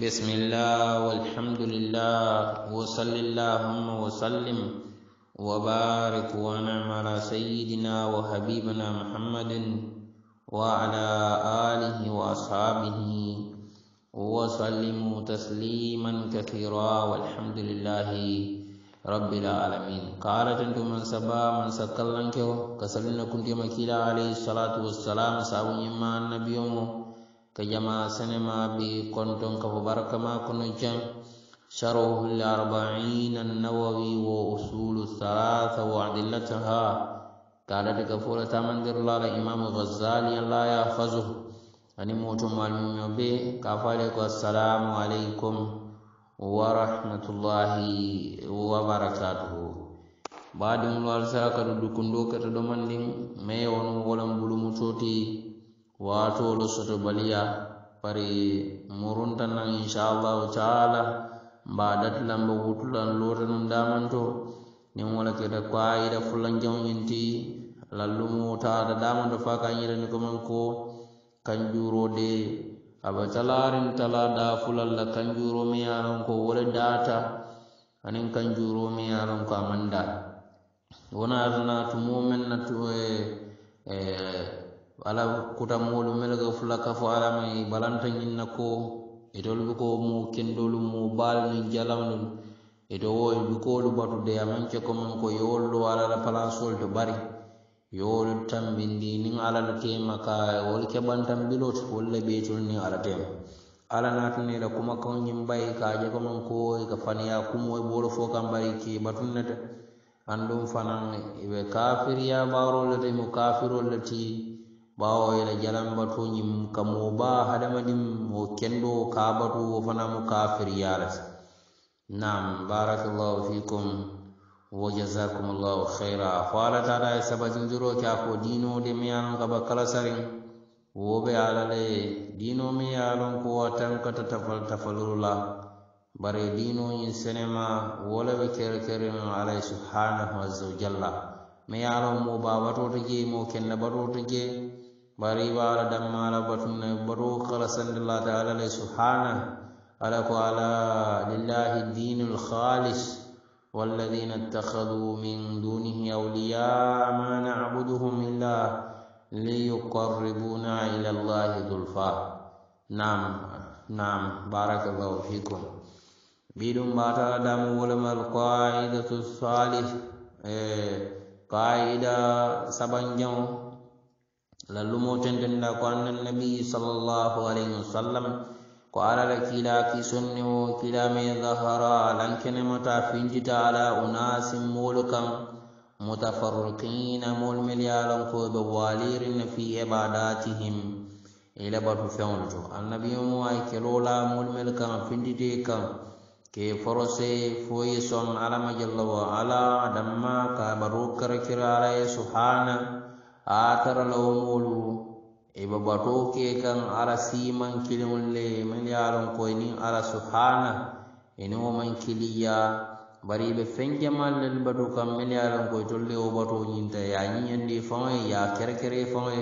بسم الله والحمد لله وصل اللهم وسلم وبارك ونعم على سيدنا وحبيبنا محمد وعلى آله وأصحابه وسلموا تسليما كثيرا والحمد لله رب العالمين قالت انت من سبا من سكلنك كسلنا كنت مكيلا عليه الصلاة والسلام سابو يما النبي يومه ka jama senema bi konton kafo baraka ma kono jan sharhu larbain annawawi wo usulu halatha wo adillataha kaɗata ka fola tamandirlala imamu ghazali an la yahfazuh ani moto malmimo be ka fale ko assalamu aleykum warahmatullahi wabarakatuhu baɗimulwal sa kaɗo dukundo kata ɗomanɗin mai wono wolan ɓulumu toti waatoolu soto baliya bari murunta nan inchallahu taala mbaadatulanba wutulan lootanum damanto nin wala kita kwaayida fulanjaŋ inti lallumu taata damanto fa kañirani koman ko kanjuro de aba talarin tala da fulan la kanjuro mi yaron ko wala data anin kanjuro mi yaron ko amanda wona tana tumo men na to e eh, eh, ala kuta moolu melga fulaka fo alama e balanta ñinna ko e dolɓe ko mo kendolu mo baalni jalamnun e to wo e ɗukolu batude amanke ko men ko yowollo alala palansol to bari yowolu tambindi nin alala temaka wol keɓantan bilot wolla ɓeytol nin ala tema ala natanira kuma kañin mbay ka jego men ko ka faniya kumo e ɓoolo fo kam mbari ke batunnata anɗum fanan ɓe kafiriya barolle tay mo kafirollati bawo yala jalambato ñim kamo ba hadamadin mo kendo kabatu wo fana mo kafir yalata nam barakallahu fikum wa jazakum allahu khaira falatata e sabatindiro cako dino de miyalon kaba kala sarin woɓe alale dino miyalon ko wa tankata tafal tafalurula bare dinoñin senema wolaɓe kere keren alay subhanahu azawajalla miyalon mo babatoto je mo kenna batoto je bari ibe ala damma batunna bato kala sandilata ala lay subhana ala ko ala lillahi والذين اتخذوا من دونه أولياء ما نعبدهم إلا ليقربونا إلى الله ذلفا نعم نعم بارك الله فيكم بيدم باتا دام ولما القاعدة الثالث قاعدة سبنجو lalu mo cenden na ko annan nabi sallallahu alaihi wasallam ko arara kila ki sunni wo kila me zahara lankene mata finjita ala unasim mulukam متفرقين مول مليار خوب والير في عباداتهم إلى بطو فيونجو النبي موعي كلولا مول ملكا فين ديكا كي فرسي فويسون على مجلو على دما كابرو كركر على سبحانه haa taralawmolu e babatoke kan ala siman kilimolle min yaron koye nin ala subhana enin woman kiliya bari ɓe fenke mallel batu kan min yaron koye tolle o bato ñinta yañiñandi fawe ya kerekere fawe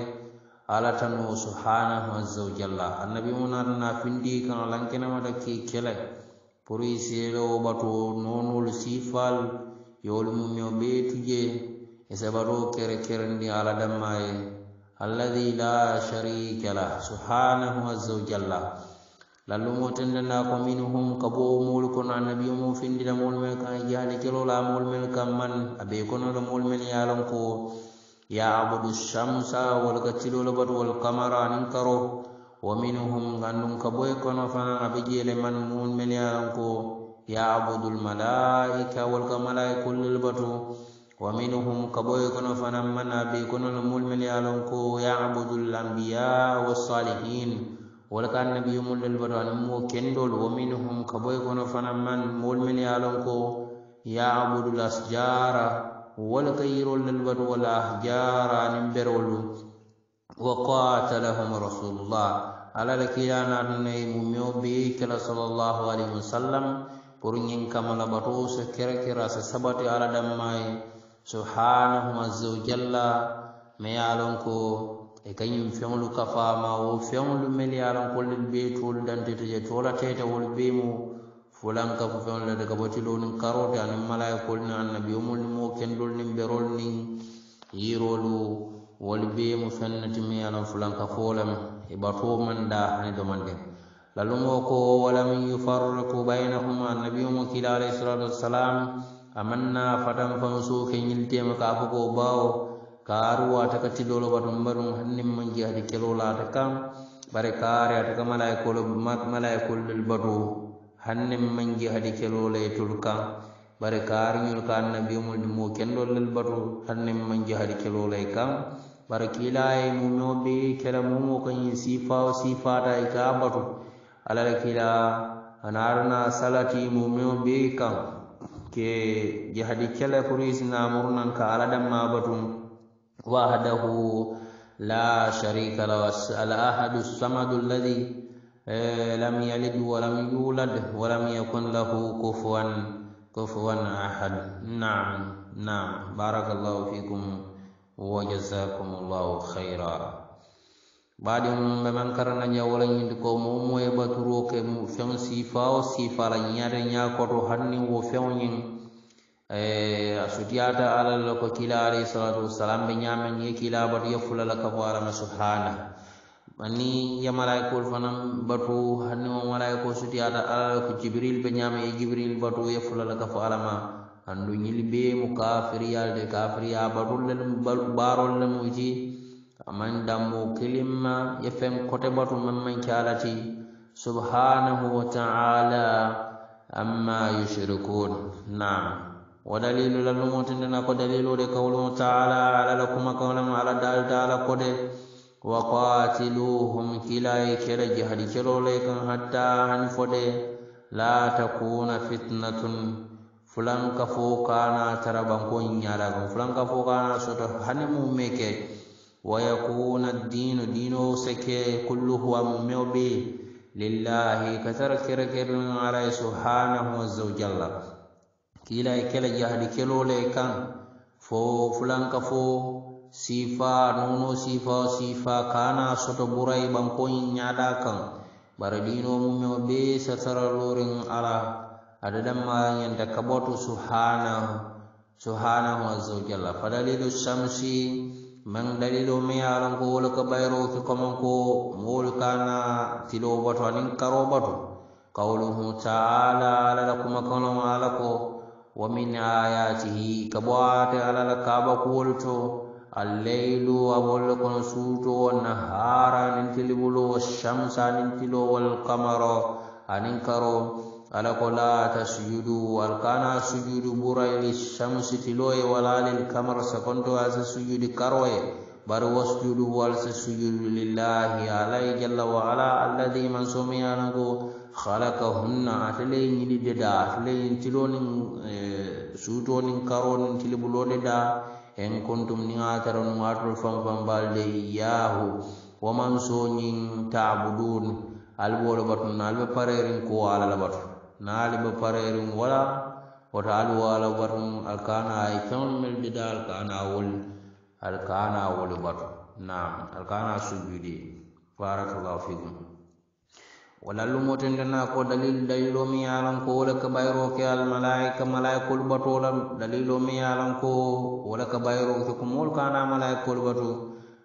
ala tano subhanahu aza wa jalla annabi munatana findi kan alankenamata ke kele pour i seele o bato nonol sifal yolu mumio ɓe tuje يسبرو كير كيرني على دماي الذي لا شريك له سبحانه عز وجل لالو تندنا كو منهم كبو مول كن النبي مو فين دي مول مل كان يالي كلو لا مول مل كان من ابي كن مول مل يالون كو يعبد الشمس والكتل لبد والقمر انكرو ومنهم غنن كبو كن فان ابي جيل من مول مل يالون كو يعبد الملائكه والملائكه كل البتو ومنهم كبوي كن فنمنا بي كن الملم يالون كو يعبد الانبياء والصالحين ولكان نبي مول البران مو كندول ومنهم كبوي كن فنمن ملم يالون كو يعبد الاسجار ولكير للبر والاحجار نمبرول وقاتلهم رسول الله على لكيانا نيم ميوبيك صلى الله عليه وسلم بورنين كما لبطوس كركرا سبتي على دمائي subhanahu wa jalla me ye a lon ko e ka ñiŋ feŋolu kafaama wo feŋolu melu ye a lon kolu be toolu dantete je toola teyta wolu mu fulan ka feŋolu la daga botiloo niŋ karote aniŋ malayikolu niŋ annabiyomolu niŋ moo kendolu niŋ berolu niŋ yiroolu wolu bee mu feŋ ne ti meŋ ye a loŋ fulan kafoo lemu i e batoo maŋ daa hani domandiŋ laluŋo ko kuma yufarriku bainahum annabiyomo kila alayhi salatu wassalam amanna fatan fanso keñiltema ka fo ko bawo ka aruwa taka tilolo baton barum hannin manji hadi kelo lata kam bare kare ataka malaikolo malaikol del bato hannin manji hadi kelo lay tul kam bare karñol ka annabimol di mo kendol lel bato hannin manji hadi kelo lay kam bara kilaye mumoɓe kela mumo kañi sifao sifata e ka bato alala kila anarna salati mumoɓe kam ke jihadi kele kurisina murnan ka aladan ma batun wahadahu la sharika lahu al ahadu samadu alladhi lam yalid wa lam yulad wa lam yakun lahu kufuwan kufuwan ahad na'am na'am barakallahu fikum wa jazakumullahu khairan baɗin ɓe man karana ñawola ñindi ko momo e baturo ke feŋ sifa o oh, sifala ñaade ñakoto hanni wo feŋoñin eh, a sutiyata ala la ko kila alayhi salatu wassalam ɓe ñamen ye kila batu ye fulala subhana ani ya malaikol fanan batu hanni wo malaiko sutiyata ala la ko jibril ɓe ñama ye jibril batu andu be mu barol le aman dambo kilimma yefen kote batu mamman kyalati subhanahu wa ta'ala amma yushrikun naam wa dalilu la lumotindena ko dalilu de kawlum ta'ala ala lakuma kawlam ala dal ta'ala kode wa qatiluhum kilay kira jihadi kiro laykan hatta han fode la takuna fitnatun fulan ka fo kana tarabankon nyaragon fulan ka fo kana soto hanimu meke wayakuna addiinu diino seke kullu huwa mumeo ɓe lillahi katara kerekerin alay subhanahu aza wa jalla kiila e kela jahdi kelole e kan fo fulanka fo sifa nono sifa o sifa kana soto ɓuray ɓankoyi ñaaɗa kan bara diino mumeo ɓe satara lorin ala adadamma yenta kaɓoto subhanahu subhanahu aza wa jalla fadalilu samsi man dalilo meyalanko wolu ka bayro fi komanko moolu kana tilo batu aniŋ karo batu kawluhu taala ala la kuma kanoma ala ko wa min ayatihi ka bo ate ala la kabakuwolu to alleilu abolu le kono suuto wa nahara aniŋ tilibulo wa shamsa aniŋ tilo walkamaro aniŋ karo ala ko laata sujudu alkana sujudu ɓurayni camsi tiloye walanin kamara sakonto asa sujudi karoye bar wasjudu walsa sujudu lillahi alay jalla waala alladi man somiyanago halakahunna atalay ñilide da atalayin tilonin e, suutonin karonin tilibulode da en kontum ni atara num atol fanfan balde yahu wa man soñin tabudun albolo batun albe parerin ko alalabatu naali ba pareerum wala woto alwaala batum alkana ay fewnumel bida alkana wol alkana wolu batu naam alkana sujudi baarakallahu fikum wala lumotendena ko dalil dalilo mi yalanko wala ka bayro ke almalaika malaikol batola dalilo mi yalanko wala ka bayro ke kumol kana malaikol batu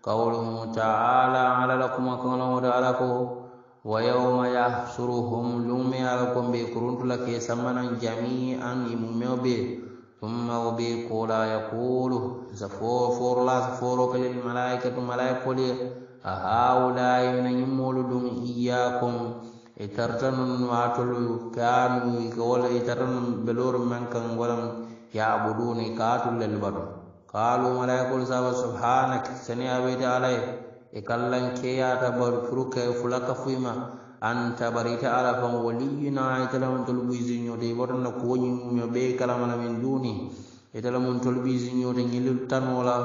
kawlu taala ala lakum akala wada ala ko wa yawma yahsuruhum lumi alakum bi kuruntula ke samanan jami'an imumobe thumma ubi kula yaqulu za fofor la za foro kali malaikatu malaikoli a haula yina nyimolu dum iyakum itartanun watulu kanu gola itartanun belor mankan golam ya'buduni katul lil badu qalu malaikul sa subhanak sani abi ta'ala e kallanke yata bar furuka e fulaka fuyma anta barita ala fan waliyuna italamontol e ɓuysiño te e wotanna ko woñi mumyo ɓe kalamana min duni italamontol e ɓuysiño te ñelil tanola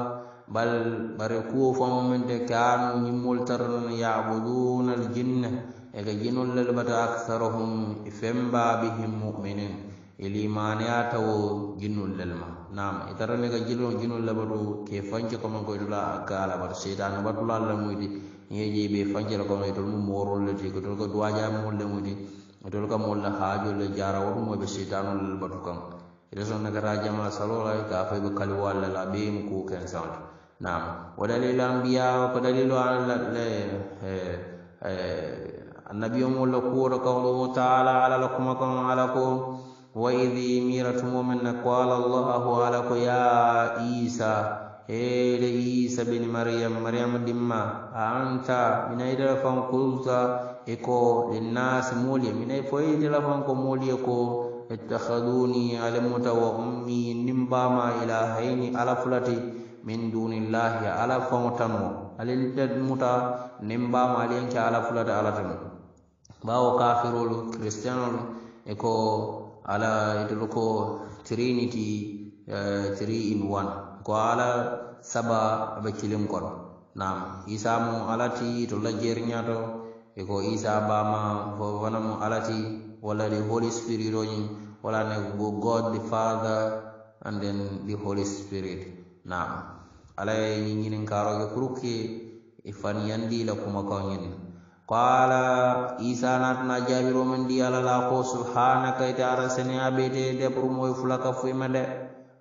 bal bare kuwo famumen te kanu ñimmol taran yabuduna al jinna eka jinollel bata aksarahum femba bihim muminin ilimaneyata wo jinnullel ma nam itarani e ga jilo jinulle batu ke fanke koma koytula e a gala bat seydan batula alla muyti ye jeɓe fankela koma itol e mu morolleti kotol ko dowajamolle muyti itol ka molle haajolle jarawol mumoɓe seydanullel batu kan itason nagata jama salola ka fayɓe kaliwo alla la ɓeyim ku ken sante nam wo dalilo ambiya ko dalilo alle annabiyomolle kuwoto kawlowo taala alala kuma kan ala ko wa idi miirato mumen ne qala llahu ala ko ya isa heere isa bini mariyam mariyam dimma a anta minayi delafan kulta eko linnasi muliya minayi foyi delafan ko muliya ko ittahaduni alemuta wa ummi ndin bama ilahaini ala fulati min dunillahi ala fano tanmo alimuta nin bama aliyenke ala fulata ala tanmo bawo kafirolu christianolu eko ala idol ko trinity eh, tree in one ko ala saba ɓe cilim kon nam isa mo alati to lajeriñato e ko isa bama fofana mo alati walla de holy spirit oñi wala ne go god the father and then the holy spirit nam alaye ñiñinin karoge pour que e, e, e fan yandila kuma kañinin qala isa natna jaabiro men ndi alalako subhanaka ite ara sene aɓeete deɓor moye fulaka fo ima de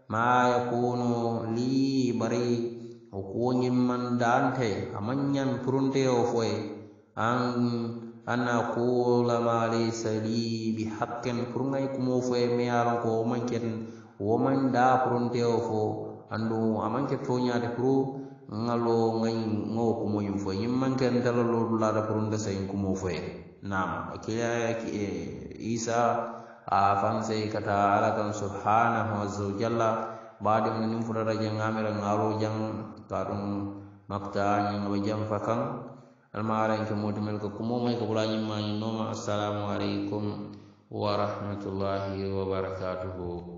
ma yakunu li bari o kuoñin man dante amañan puronte o foye an anna kuula malaysa li bi hakken pour ngay kumo foye mi yaron ko womañ ken womañ da puronte o fo andu amañke toñade pour ngalo ngay ngaw ko moyum fo yim man ken dala lo la da pour nda sey ko mo foye nam ke ya ki e, isa a fam sey kata ala kan subhanahu wa jalla ba de mo nim fura raje ngamira ngalo jang ta dum makta ni ngaw jang fakan al maaren ke modum el ko kumo may ko bula yim man no ma assalamu alaikum wa rahmatullahi wa barakatuhu